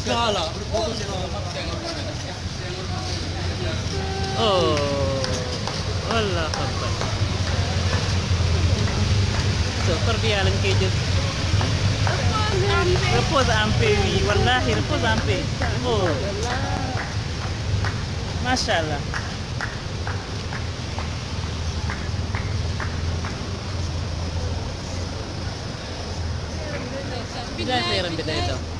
enggak lah berfoto sih oh Allah kabar seperti Alan Kejut repos ampe wi wallahi repos ampe oh Masya Allah بداية خيرا بداية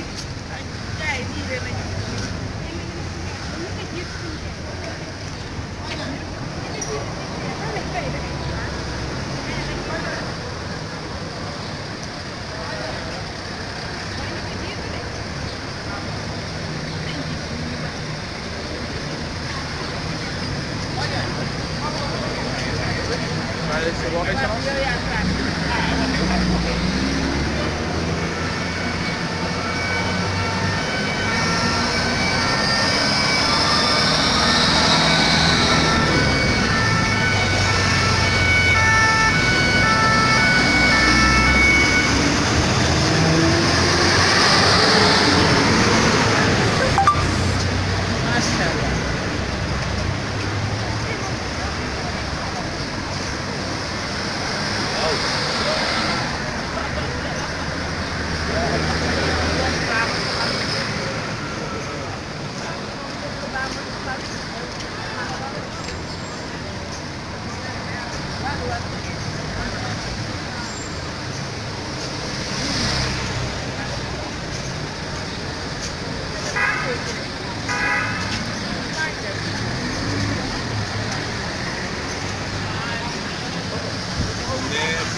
Vale, se lo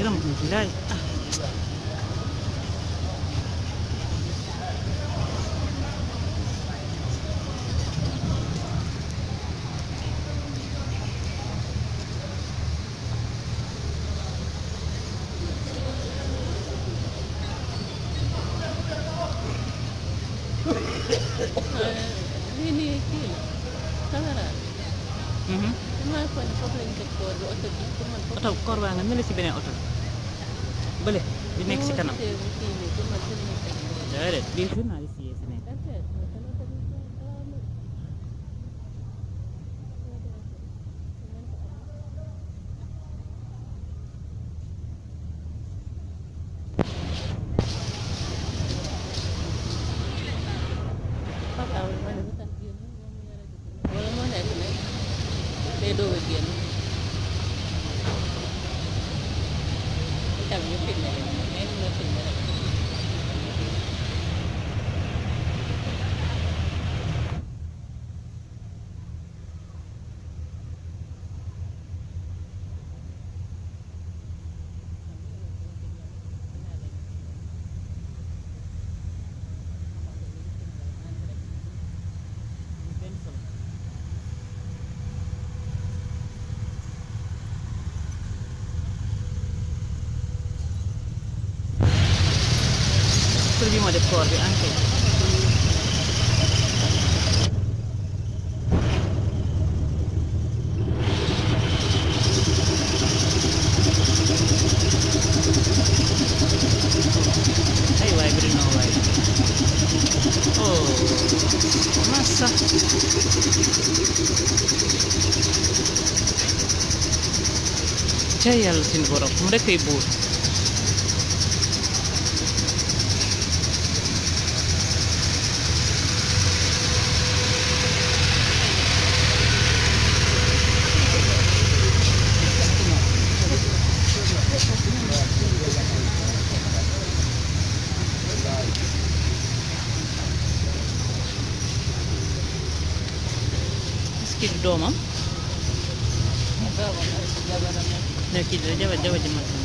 Akhirnya menjilai. Ah. ini ini Mhm. oto koor waa nga nële si beneen oto bi bële bi nekk si kanam déedéet bii แต่ยุคปิดเลยไม่รู้ปิดเลย chiama del corvi anche Jaya Lusin Borok, mereka ibu. kii du doomam. nekk kii du jabar jabar ji mag